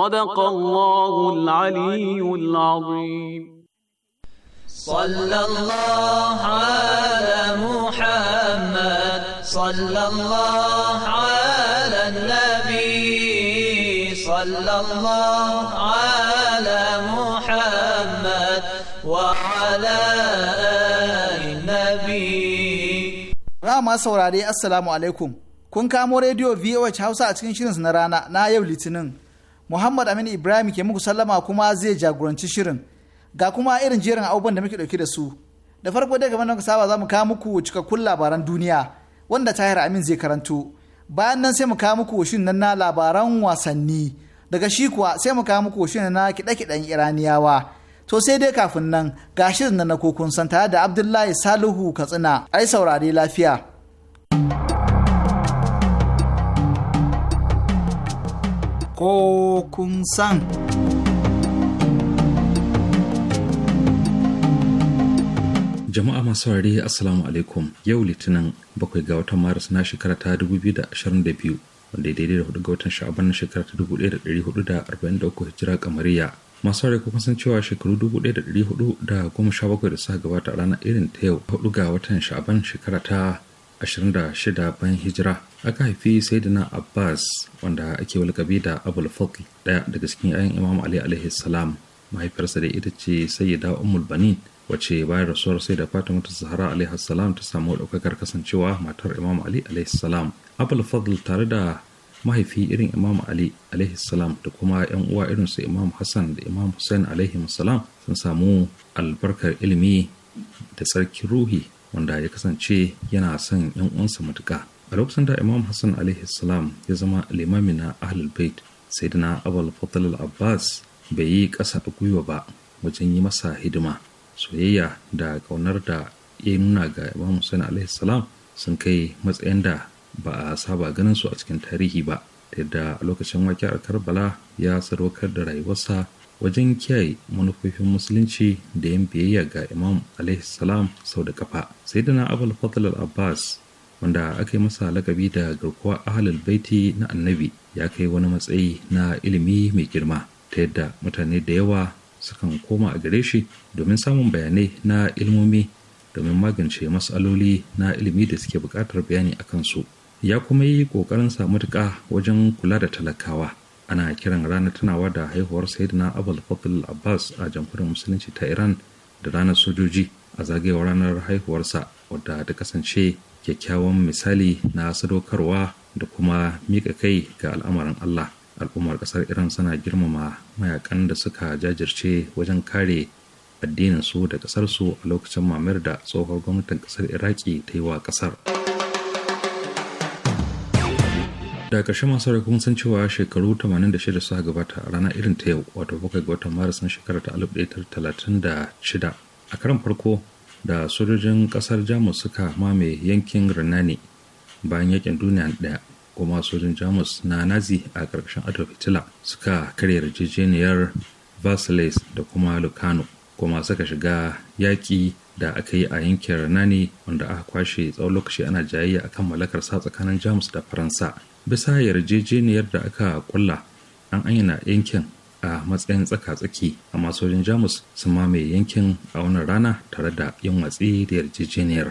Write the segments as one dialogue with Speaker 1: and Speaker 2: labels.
Speaker 1: صدق الله العلي العظيم صلى الله على محمد صلى الله على النبي صلى الله على محمد وعلى
Speaker 2: آل النبي رامى saurare Assalamu alaikum kun kamo rediyo VOH Hausa a cikin shirinsa na rana na yau Litinin Muhammad Aminu Ibrahim ke muku sallama kuma zai jagoranci shirin. Ga kuma irin jerin abubuwan da muke ɗauke da su. Da farko dai game da saba za mu kawo muku cikakkun labaran duniya wanda Tahir Amin zai karanto. Bayan nan sai mu kawo muku shin nan na labaran wasanni. Daga shi kuwa sai mu kawo muku shin na kiɗe-kiɗen Iraniyawa. To sai dai kafin nan ga shirin na kokon santa da Abdullahi Salihu Katsina. Ai saurare lafiya. ko kun san.
Speaker 3: Jama'a masu saurare Assalamu alaikum yau Litinin bakwai ga watan Maris na shekara ta 2022 wanda ya daidai da hudu ga watan sha'aban na shekara ta 1443 hijira kamariya. Masu saurare kuma san cewa shekaru 1417 da suka gabata a ranar irin ta yau hudu ga watan sha'aban shekara ta 26 bayan hijira aka haifi sayyidina abbas wanda ake walƙabi da abul ɗaya daga cikin 'ya'yan imam ali alaihi salam mahaifiyarsa da ita ce sai ya dawo ummul banin wace bayan rasuwar sai da fatima ta zahara alaihi salam ta samu ɗaukakar kasancewa matar imam ali alaihi salam abul fadl tare da mahaifi irin imam ali alaihi salam da kuma yan uwa irin su imam hassan da imam hussein alaihi salam sun samu albarkar ilimi da tsarkin ruhi wanda ya kasance yana son yan uwansa matuka a lokacin da imam hassan alaihi salam ya zama limami na ahlul bait sai dana abul fatal abbas bai yi kasa a gwiwa ba wajen yi masa hidima soyayya da kaunar da ya nuna ga imam hassan alaihi salam sun kai matsayin da ba a saba ganin su a cikin tarihi ba da yadda a lokacin a karbala ya sadaukar da rayuwarsa wajen kiyaye manufofin musulunci da yin biyayya ga imam alaihi salam sau da kafa sai da na abul fadl abbas wanda aka yi masa lakabi da garkuwa ahalul baiti na annabi ya kai wani matsayi na ilimi mai girma ta yadda mutane da yawa sukan koma a gare shi domin samun bayanai na ilmomi domin magance matsaloli na ilimi da suke buƙatar bayani a kansu ya kuma yi ƙoƙarin sa matuƙa wajen kula da talakawa ana kiran ranar tunawa da haihuwar sayidina abul fadl abbas a jamhuriyar musulunci ta iran da ranar sojoji a zagayewar ranar haihuwarsa wadda ta kasance kyakkyawan misali na sadaukarwa da kuma miƙa kai ga al'amarin allah al'ummar kasar iran suna girmama mayakan da suka jajirce wajen kare addinin su da kasar su a lokacin mamayar da tsohon gwamnatin kasar iraki ta yi wa kasar. daga ƙarshe masu rai sun san cewa shekaru 86 suka gabata a rana irin ta yau wato bakwai ga watan maris na shekara ta talatin 1936 a karan farko da sojojin ƙasar jamus suka mame yankin renani bayan yakin duniya ɗaya kuma sojin jamus na nazi a ƙarƙashin adolf hitler suka karya yarjejeniyar versailles da kuma lucano kuma suka shiga yaƙi da aka yi a yankin renani wanda aka kwashe tsawon lokaci ana jayayya akan mallakar sa tsakanin jamus da faransa bisa yarjejeniyar da aka kulla an ayyana yankin a matsayin tsaka-tsaki amma sojin jamus sun mamaye yankin a wannan rana tare da yin watsi da yarjejeniyar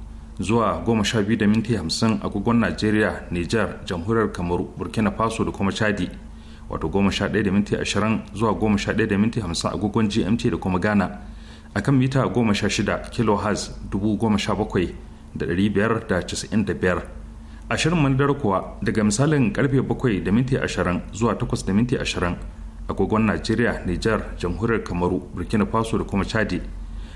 Speaker 3: zuwa goma sha biyu da agogon najeriya nijar jamhuriyar kamaru burkina faso da kuma chadi wato goma sha ɗaya da zuwa goma sha ɗaya agogon gmt da kuma ghana akan mita goma sha shida kilohertz dubu goma sha bakwai da biyar da ashirin manadar kuwa daga misalin karfe bakwai da minti ashirin zuwa takwas da minti ashirin agogon najeriya nijar jamhuriyar kamaru burkina faso da kuma chadi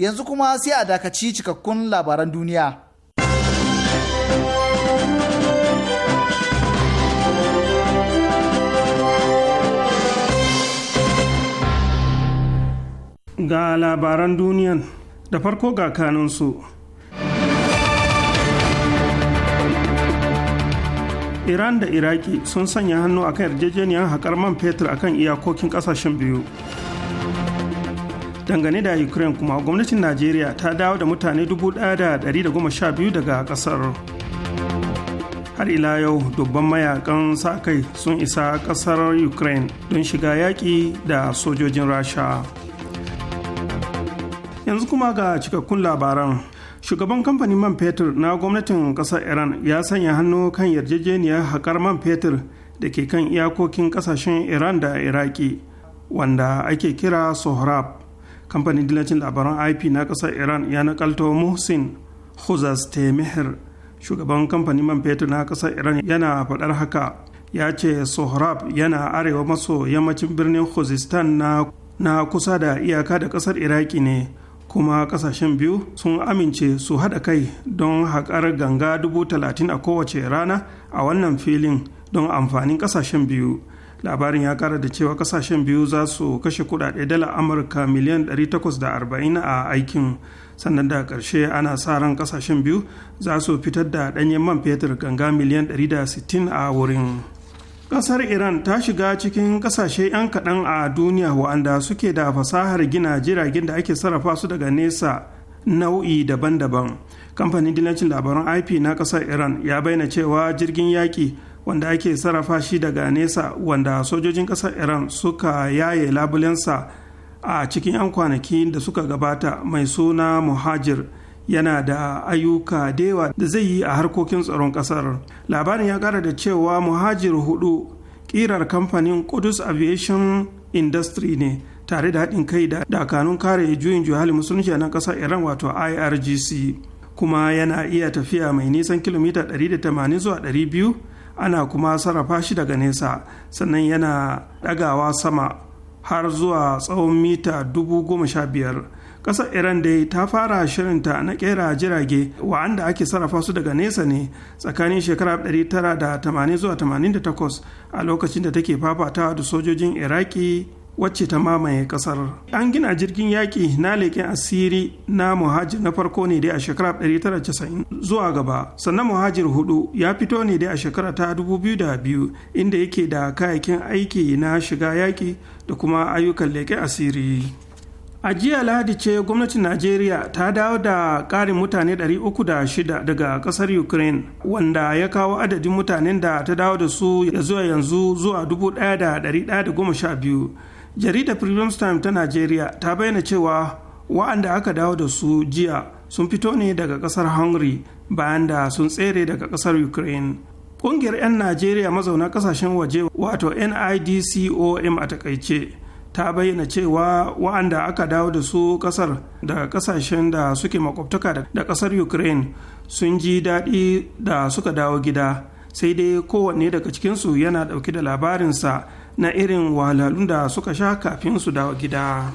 Speaker 2: yanzu kuma sai a dakaci cikakkun labaran duniya.
Speaker 4: Ga labaran duniyan da farko ga kanunsu. Iran da Iraki sun sanya hannu akan yarjejeniyar haƙar man fetur akan iyakokin ƙasashen biyu. dangane da ukraine kuma gwamnatin najeriya ta dawo da mutane da sha biyu daga kasar har ila yau dubban mayakan sa-kai sun isa kasar ukraine don shiga yaƙi da sojojin rasha yanzu kuma ga cikakkun labaran shugaban kamfanin man fetur na gwamnatin kasar iran ya sanya hannu kan yarjejeniyar haƙar man fetur da ke kan iyakokin kasashen iran da iraki wanda ake kira sohrab kamfanin dillacin labaran ip na kasar iran ya nakalto muhsin huzas temehir shugaban kamfanin man fetur na kasar iran yana faɗar haka ya ce sohrab yana arewa maso yammacin birnin khuzistan na, kusa da iyaka da kasar iraki ne kuma kasashen biyu sun amince su haɗa kai don haƙar ganga dubu a kowace rana a wannan filin don amfanin ƙasashen biyu labarin ya kara da cewa kasashen biyu za su kashe kudade dala amurka miliyan 840 a aikin sannan da ƙarshe ana sa ran kasashen biyu za su fitar da ɗanyen man fetur ganga miliyan 160 a wurin ƙasar iran ta shiga cikin ƙasashe 'yan kaɗan a duniya wa'anda suke da fasahar gina jiragen da ake sarrafa su daga nesa nau'i daban-daban kamfanin dillancin labaran ip na ƙasar iran ya bayyana cewa jirgin yaƙi wanda ake sarrafa shi daga nesa wanda sojojin ƙasar iran suka yaye labulensa a cikin 'yan kwanaki da suka gabata mai suna muhajir yana da ayyuka dewa da zai yi a harkokin tsaron ƙasar labarin ya kara da cewa muhajir hudu ƙirar kamfanin kudus aviation industry ne tare da haɗin kai da dakanun kare juyin juhali musulunci na ƙasar iran wato irgc kuma yana iya tafiya mai nisan kilomita 180 zuwa 200 ana kuma sarrafa shi daga nesa sannan yana ɗagawa sama har zuwa tsawon mita dubu goma sha biyar ƙasar iran dai ta fara shirinta na ƙera jirage wa'anda ake sarrafa su daga nesa ne tsakanin shekara 1980 zuwa 88 a lokacin da take fafatawa da sojojin iraki wacce ta mamaye kasar an gina jirgin yaƙi na leƙen asiri na muhajir na farko ne dai a shekara 1990 zuwa gaba sannan muhajir hudu ya fito ne dai a shekara ta 2002 inda yake da kayakin aiki na shiga yaƙi da kuma ayyukan leƙen asiri a jiya lahadi ce gwamnatin najeriya ta dawo da ƙarin mutane 306 daga ƙasar ukraine wanda ya kawo adadin mutanen da ta dawo da su ya zuwa yanzu zuwa 1112 jaridar freedom time ta najeriya ta bayyana cewa wa'anda aka dawo da su jiya sun fito ne daga kasar hungary bayan da sun tsere daga kasar ukraine ƙungiyar 'yan najeriya mazauna kasashen waje wato nidcom a takaice ta bayyana cewa wa'anda aka dawo da su kasar daga kasashen da suke makwabtaka da kasar ukraine sun ji daɗi da suka dawo gida sai dai kowanne daga cikinsu yana ɗauke da labarinsa na irin wahalhalun da suka sha kafin su dawo gida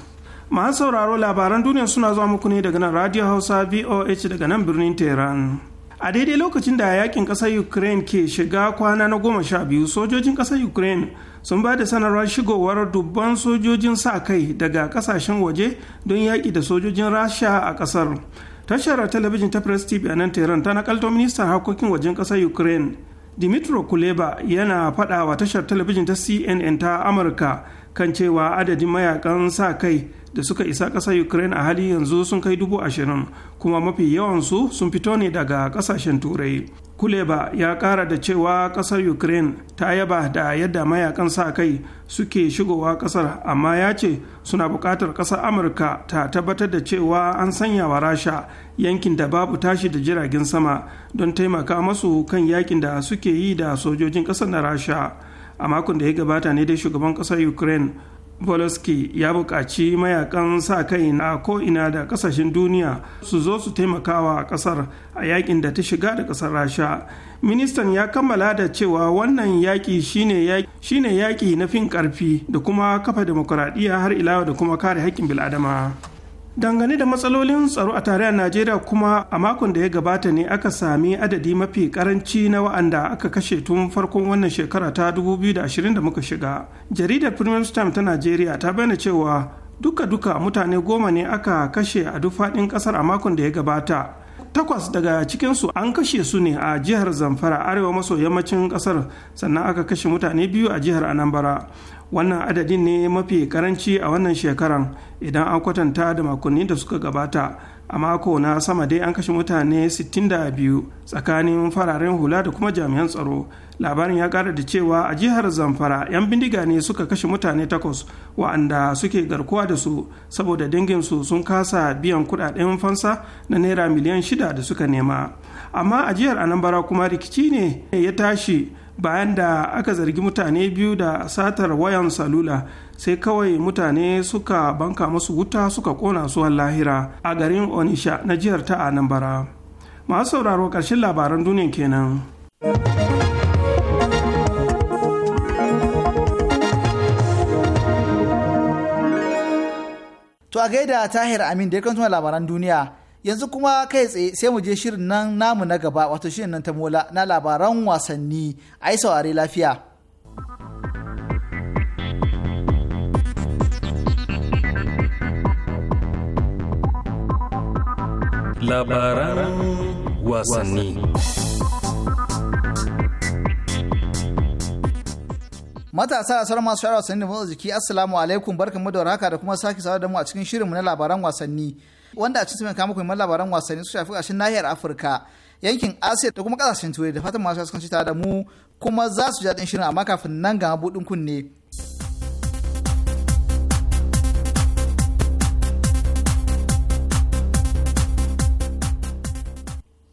Speaker 4: masu sauraro labaran duniya suna zuwa muku ne daga nan radio hausa voh daga nan birnin tehran a daidai lokacin da yakin ƙasar ukraine ke shiga kwana na goma sha biyu sojojin ƙasar ukraine sun ba da sanarwar shigowar dubban sojojin sa kai daga ƙasashen waje don yaƙi da sojojin rasha a ƙasar. tashar talabijin ta press tv a nan tehran ta nakalto ministan harkokin wajen ƙasar ukraine dimitro kuleba yana faɗa wa tashar talabijin ta cnn ta amurka kan cewa adadin mayakan sa kai da suka isa ƙasar ukraine a hali yanzu sun kai dubu ashirin kuma mafi yawansu sun fito ne daga ƙasashen turai kuleba ya kara da cewa kasar ukraine ta yaba da yadda mayakan sa kai suke shigowa kasar amma ya ce suna bukatar kasar amurka ta tabbatar da cewa an sanya wa rasha yankin da babu tashi da jiragen sama don taimaka masu kan yakin da suke yi da sojojin kasar na rasha a makon da ya gabata ne dai shugaban kasar ukraine Boloski ya buƙaci mayakan sa kai na ko'ina da ƙasashen duniya su zo su taimakawa a ƙasar a yakin da ta shiga da ƙasar Rasha. Ministan ya kammala da cewa wannan yaƙi shine yaƙi na fin ƙarfi da kuma kafa demokuraɗiyya har ilawa da kuma kare haƙƙin bil'adama. dangane da matsalolin tsaro a tarayyar najeriya kuma a makon da ya gabata ne aka sami adadi mafi karanci na wa'anda aka kashe tun farkon wannan shekara ta 2020 da muka shiga jaridar premium time ta najeriya ta bayyana cewa duka-duka mutane goma ne aka kashe a duk faɗin ƙasar a makon da ya gabata takwas daga cikinsu an kashe su ne a jihar zamfara arewa maso yammacin kasar sannan aka kashe mutane biyu a jihar anambara wannan adadin ne mafi karanci a wannan shekaran idan an kwatanta da makonni da suka gabata a mako na sama dai an kashe mutane 62 tsakanin fararen hula da kuma jami'an tsaro labarin ya kara da cewa a jihar zamfara 'yan bindiga ne suka kashe mutane takwas wa'anda suke garkuwa da su saboda danginsu sun kasa biyan kudaden fansa na naira miliyan shida da suka nema amma a jihar anambra kuma rikici ne ya tashi bayan da aka zargi mutane biyu da satar wayan salula sai kawai mutane suka banka masu wuta suka kona su lahira a garin onisha na jihar ta anambra masu sauraro ƙarshen labaran duniya kenan.
Speaker 2: To a gaida Tahir Amin da ya labaran duniya yanzu kuma kai tsaye sai mu je shirin nan namu na gaba wato shirin nan ta mola na labaran wasanni a yi saurare lafiya.
Speaker 3: Labaran wasanni
Speaker 2: Matasa da sauran masu shara wasanni da motsa jiki, Assalamu alaikum barkan mu da warhaka da kuma sake sawa da mu a cikin shirinmu na labaran wasanni. wanda a cikin kama kuma labaran wasanni su shafi ƙarshen nahiyar Afirka yankin Asiya da kuma ƙasashen Turai da fatan masu kasance tare da mu kuma za su ji daɗin shirin amma kafin nan ga buɗin kunne.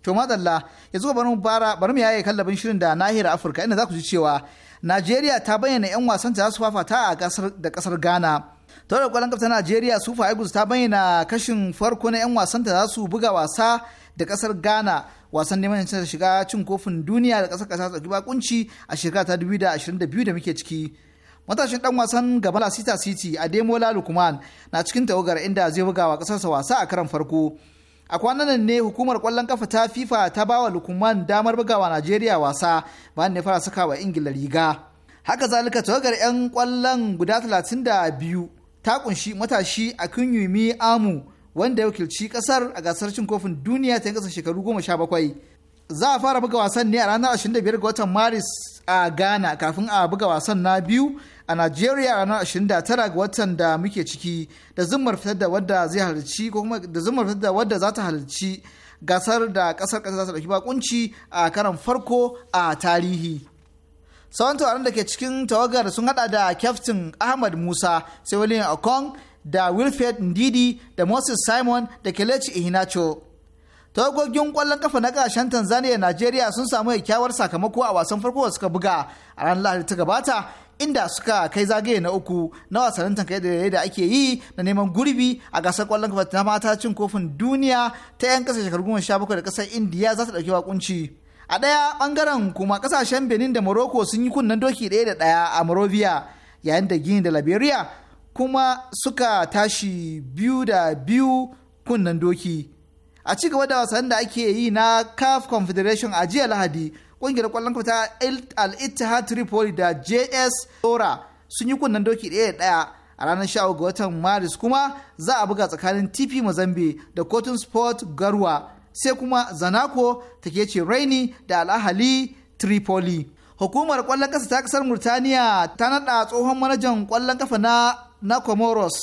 Speaker 2: To madalla yanzu bari barin bara bari mu yaye kallabin shirin da nahiyar Afirka inda za ku ji cewa Najeriya ta bayyana 'yan wasan za su fafata a kasar da kasar Ghana Taurar kwallon kafa ta Najeriya Super Eagles ta bayyana kashin farko na 'yan wasanta za su buga wasa da kasar Ghana wasan neman ta shiga cin kofin duniya da kasar kasa tsaki bakunci a shekara ta 2022 da muke ciki. Matashin dan wasan gaba Sita City a demola Lukman na cikin tawagar inda zai buga wa kasarsa wasa a karan farko. a kwanan nan ne hukumar kwallon kafa ta fifa ta bawa lukuman damar bugawa najeriya wasa bayan ne fara saka wa ingila riga haka zalika tawagar 'yan kwallon guda 32 ta kunshi matashi a Yumi Amu wanda ya wakilci kasar a gasar cin kofin duniya ta yankasa shekaru goma sha bakwai. Za a fara buga wasan ne a ranar 25 ga watan Maris a Ghana kafin a buga wasan na biyu a nigeria a ranar 29 ga watan da muke ciki da zimmar fitar da wadda zai halarci ko kuma da fitar da wadda za ta halarci gasar da kasar kasar za ta dauki bakunci a karan farko a tarihi. sauran tauraron da ke cikin tawagar sun hada da kyaftin ahmad musa sai william okong da wilfred ndidi da moses simon da kelechi ihinacho tawagogin kwallon kafa na kashen tanzania najeriya sun samu kyakkyawar sakamako a wasan farko da suka buga a ran lahadi ta gabata inda suka kai zagaye na uku na wasannin tankai da ake yi na neman gurbi a gasar kwallon kafa na mata cin kofin duniya ta 'yan kasa shekaru goma sha bakwai da kasar indiya za ta ɗauki wakunci. a ɗaya ɓangaren kuma ƙasashen benin da morocco sun yi kunnen doki ɗaya da ɗaya a morovia yayin da gini da liberia kuma suka tashi biyu da biyu kunnen doki a ci gaba da wasan da ake yi na caf confederation a jiya lahadi ƙungiyar ƙwallon kwata ta al-ittihad tripoli da js tora sun yi kunnen doki ɗaya da ɗaya a ranar sha ga watan maris kuma za a buga tsakanin tp mozambique da kotun sport garwa sai kuma zanako ta ce raini da al'ahali tripoli hukumar kwallon kasa ta kasar murtaniya ta naɗa tsohon manajan kwallon kafa na na comoros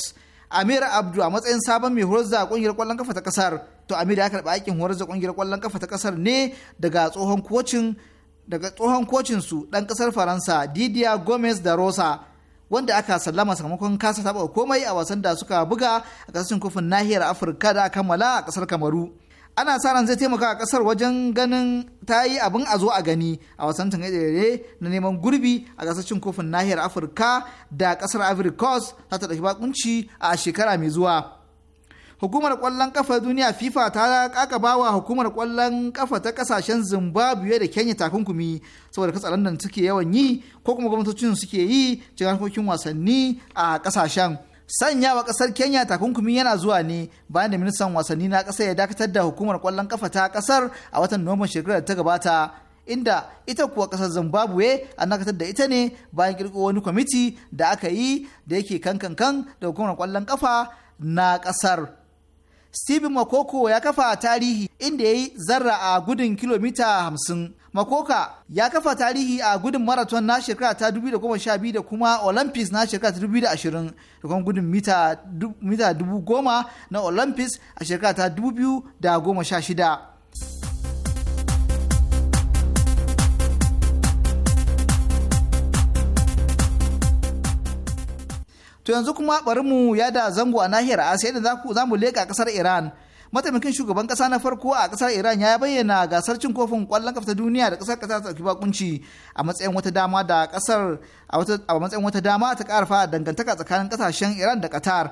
Speaker 2: amir abdu a matsayin sabon mai horar da kungiyar kwallon kafa ta kasar to amir ya karɓi aikin horar da kungiyar kwallon kafa ta kasar ne daga tsohon kocin daga tsohon kocin su ɗan ƙasar faransa didier gomez da rosa wanda aka sallama sakamakon kasa taɓa komai a wasan da suka buga a kasashen kofin nahiyar afirka da kammala a kasar kamaru ana sa ran zai taimaka a kasar wajen ganin ta yi abin a zo a gani a wasan tangaɗe na neman gurbi a gasar cin kofin nahiyar afirka da kasar ivory coast ta ta ɗauki bakunci a shekara mai zuwa hukumar kwallon kafa duniya fifa ta kakaba wa hukumar kwallon kafa ta kasashen zimbabwe da kenya takunkumi saboda katsalandan suke yawan yi ko kuma gwamnatocin suke yi cikin harkokin wasanni a kasashen sanya wa kasar kenya takunkumi yana zuwa ne bayan da ministan wasanni na kasar ya dakatar da hukumar kwallon kafa ta kasar a watan nuwamban shekarar da ta gabata inda ita kuwa kasar zimbabwe a dakatar da ita ne bayan kirko wani kwamiti da aka yi da yake kankankan da hukumar kwallon kafa na kasar stephen makoko ya kafa tarihi inda ya yi zarra a gudun kilomita hamsin Makoka ya kafa tarihi a gudun marathon na shekara ta 2012 da kuma Olympics na shekara ta 2020 da kuma gudun mita 10,000 na Olympics a shekara ta 2016. To yanzu kuma bari mu yada zango a nahiyar Asiya da za mu leƙa ƙasar Iran. mataimakin shugaban kasa na farko a kasar iran ya bayyana gasar cin kofin kwallon kafa ta duniya da kasar kasa ta ɗauki bakunci a matsayin wata dama da kasar a matsayin wata dama ta karfa dangantaka tsakanin kasashen iran da qatar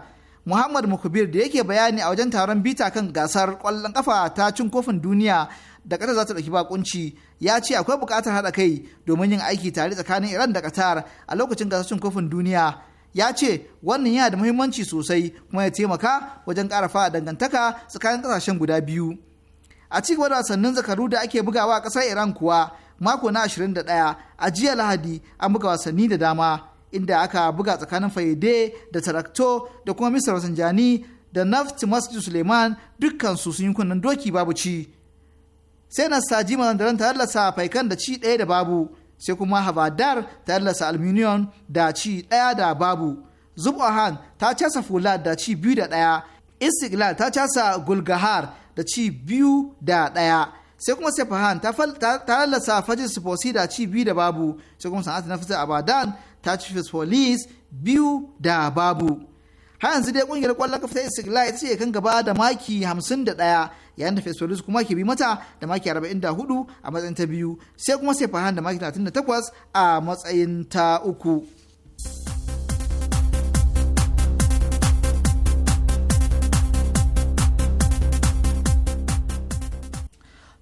Speaker 2: muhammad mukubir da yake bayani a wajen taron bita kan gasar kwallon kafa ta cin kofin duniya da kasar za ta ɗauki bakunci ya ce akwai bukatar haɗa kai domin yin aiki tare tsakanin iran da qatar a lokacin gasar cin kofin duniya ya ce wannan yana da muhimmanci sosai kuma ya taimaka wajen ƙara dangantaka tsakanin ƙasashen guda biyu a ci gaba da wasannin zakaru da ake bugawa a ƙasar iran kuwa mako na ashirin da ɗaya a jiya lahadi an buga wasanni da dama inda aka buga tsakanin faide da tarakto da kuma misar wasanjani da naft masjid suleiman dukkansu sun yi kunnen doki babu ci sai na saji mazandaran ta faikan da ci ɗaya da babu sai kuma habadar ta yallasa Alminiyon da ci ɗaya da babu. Zubahan ta casa Fulad da ci biyu da ɗaya. Istiklal ta casa Gulgahar da ci biyu da ɗaya. Sai kuma Sefahan ta lallasa Fajin Sifosi da ci biyu da babu. Sai kuma Sana'at Abadan ta ci Fisfolis biyu da babu. Har yanzu dai kungiyar kwallon kafa ta Istiklal ita ce kan gaba da maki hamsin da ɗaya. yayin da fesfalus kuma ke bi mata da maki 44 a matsayin ta biyu sai kuma sai fahan da maki 38 a matsayin ta uku.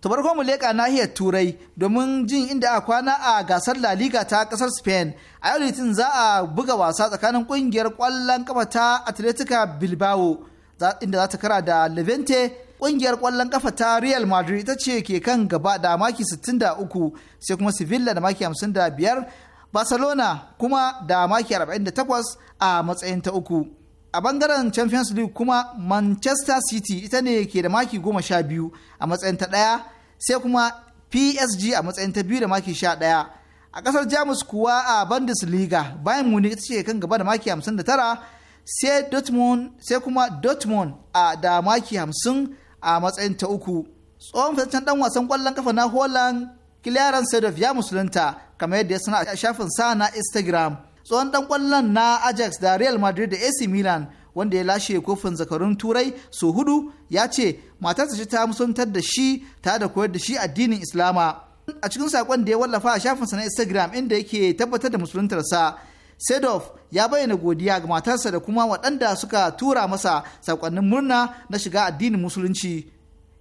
Speaker 2: to mu leƙa nahiyar turai domin jin inda a kwana a gasar la ta ƙasar spain a yau litinin za a buga wasa tsakanin ƙungiyar ƙwallon kafa ta atletica bilbao inda za ta kara da levante Ƙungiyar ƙwallon kafa ta Real Madrid ita ce ke kan gaba da maki 63 sai kuma Sevilla da maki 55 Barcelona kuma da maki 48 a matsayin ta uku. A bangaren Champions League kuma Manchester City ita ne ke da maki 12 a matsayin ta ɗaya sai kuma PSG a matsayin ta biyu da maki 11. A ƙasar Jamus kuwa a Bundesliga bayan muni ita ce kan gaba da maki 59 sai Dortmund sai kuma Dortmund a da maki a matsayin ta uku tsohon fitaccen dan wasan kwallon kafa na holland kiliyaran sedov ya musulunta kamar yadda ya sana a shafin sa na instagram tsohon dan kwallon na ajax da real madrid da ac milan wanda ya lashe kofin zakarun turai su hudu ya ce matarsa ce ta musuntar da shi ta da koyar da shi addinin islama a cikin sakon da ya wallafa a shafinsa na instagram inda yake tabbatar da musuluntarsa Sedov ya bayyana godiya ga matarsa da kuma waɗanda suka tura masa saƙonnin murna na shiga addinin musulunci.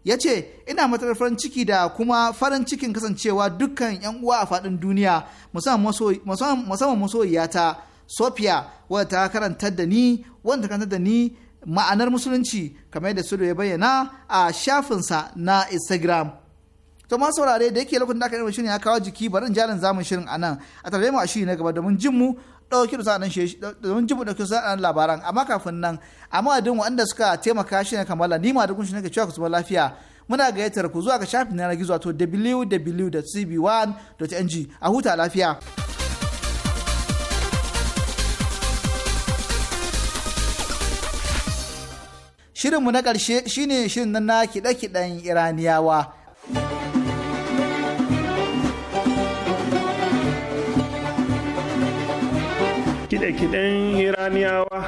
Speaker 2: Ya ce, ina matar farin ciki da kuma farin cikin kasancewa dukkan 'yan uwa a faɗin duniya, musamman masoyiyata, Sophia, wadda ta karanta da ni, wadda ta da ni ma'anar musulunci, kamar yadda Sudo ya bayyana a shafinsa na Instagram. to ma saurare da yake lokacin da aka yi shirin ya kawo jiki barin jarin zamun shirin a nan a tare mu a shiri na gaba domin jin mu ɗauki da sa'anan shi domin jibu ɗauki nan labaran amma kafin nan amma adin waɗanda suka taimaka shi ne kamala ni ma da kunshi nake cewa ku zama lafiya muna gayyatar ku zuwa ga shafin yanar gizo wato www.cb1.ng a huta lafiya. Shirinmu na ƙarshe shine shirin na kiɗe-kiɗen Iraniyawa. kide-kiden iraniyawa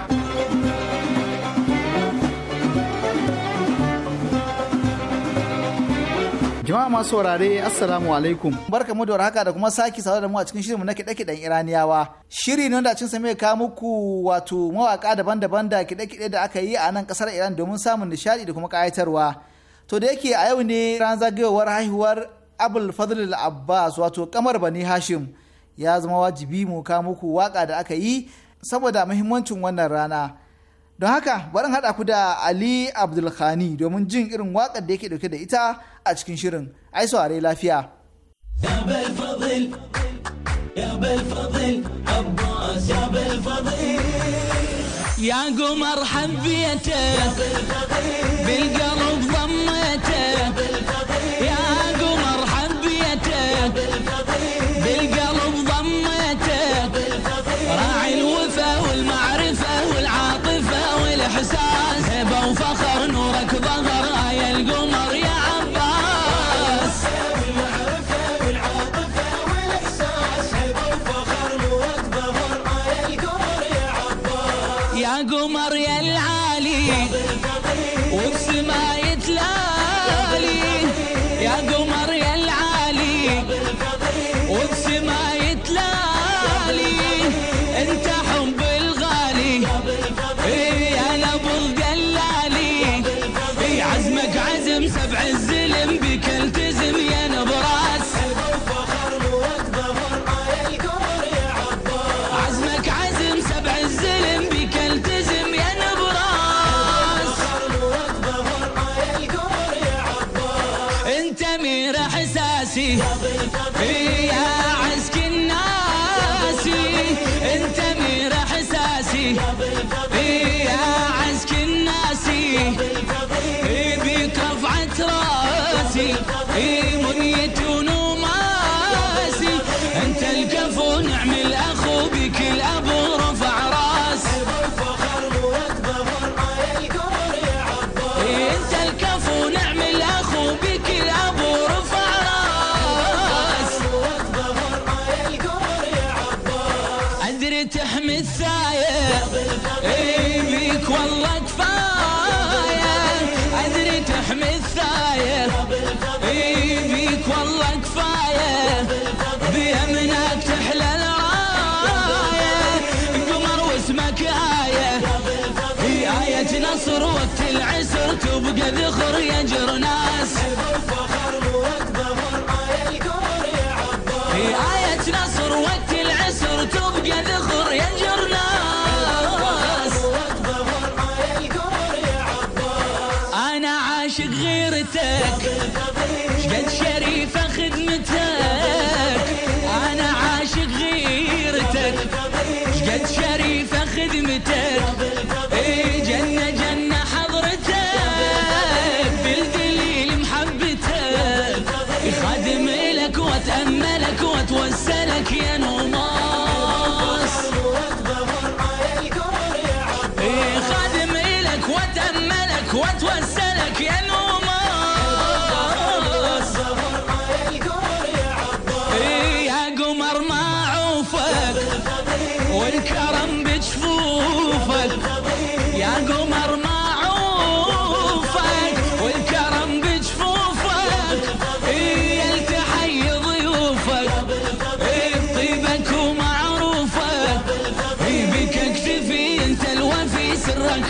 Speaker 2: jama'a masu saurare assalamu alaikum barka mu da haka da kuma sake saurare da mu a cikin shirinmu na kiɗe-kiɗen iraniyawa shiri ne wanda cin sa mai ka muku wato mawaka daban-daban da kiɗe-kiɗe da aka yi a nan kasar iran domin samun nishadi da kuma ƙayatarwa to da yake a yau ne ran zagayowar haihuwar abul fadl abbas wato kamar bani hashim ya zama wajibi mu ka muku waka da aka yi saboda muhimmancin wannan rana don haka bari haɗa ku da ali abdulkhani domin jin irin waƙar da yake ɗauke da ita a cikin shirin ai saurare lafiya يا
Speaker 1: قمر حبيته بالقلب gumar يا قمر حبيته Maria. ذخر يا جرناس في آية نصر وقت العسر تبقى ذخر يا جرناس أنا عاشق غيرتك شقد شريفة خدمتك أنا عاشق غيرتك شقد شريفة خدمتك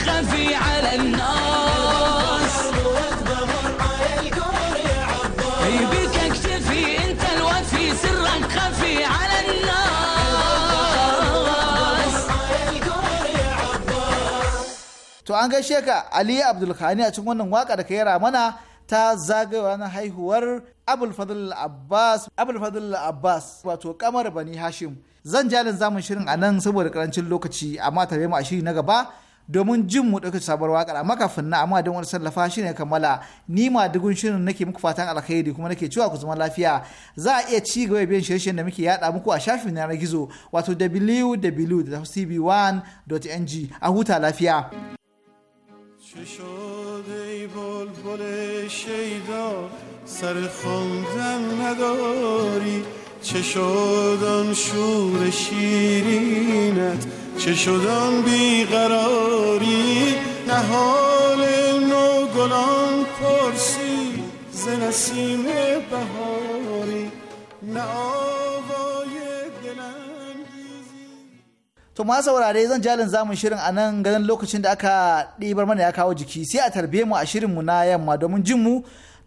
Speaker 1: خفي على الناس بك
Speaker 2: to an gaishe Ali Abdulkani a cikin wannan waka da ka yara mana ta zagayewa na haihuwar abulfadul abbas abbas wato kamar bani hashim zan jalin zamun shirin a nan saboda karancin lokaci amma tare mu a shiri na gaba domin jin mu ɗauki sabuwar waƙar amma kafin na amma don wani sallafa shi ne kammala ni ma dugun shirin nake muku fatan alkhairi kuma nake cewa ku zama lafiya za a iya ci gaba biyan shirye da muke yada muku a shafin na gizo wato wwwcb 1ng a huta lafiya.
Speaker 4: سر نداری چه شد آن شور شیرینت چه شدن بیقراری نهال نو گلان پرسی
Speaker 2: ز نسیم بهاری نه آوای to ma saurare zan jalin zamun shirin a nan ganin lokacin da aka ɗibar mana ya kawo jiki sai a tarbe mu a shirinmu na yamma domin jin mu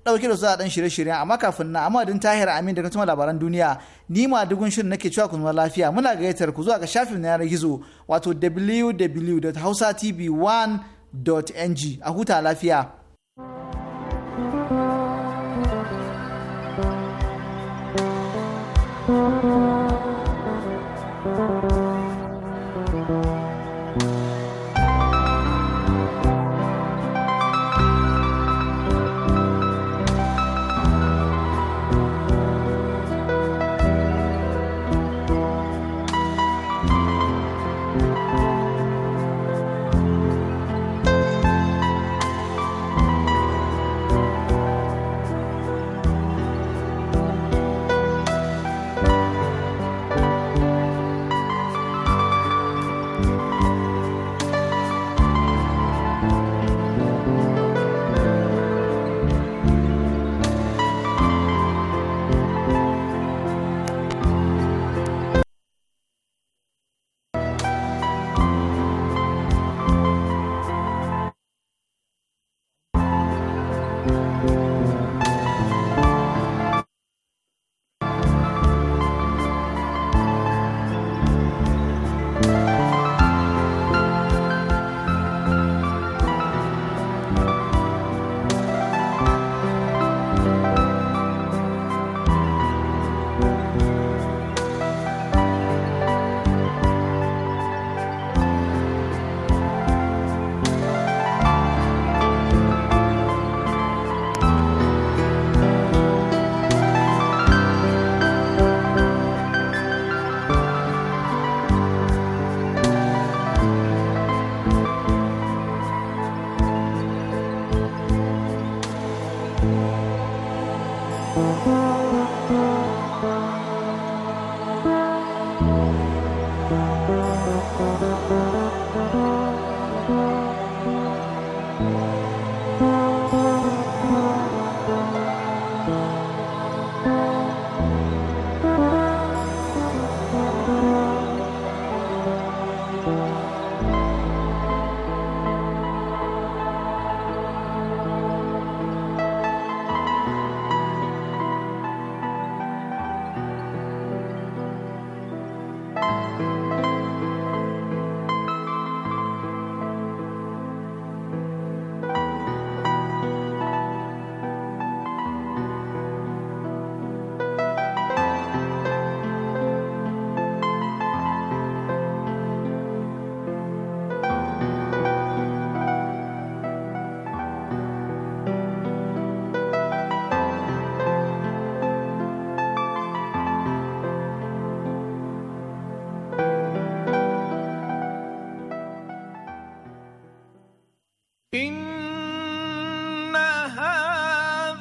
Speaker 2: ɗauke da su a ɗan shirye-shiryen amma kafin na amadin tahir amin da kuma labaran duniya ni ma dugun shirin nake cewa kuma lafiya muna gayyatar ku zuwa ga shafin yanar gizo wato www.hausatv1.ng a huta lafiya.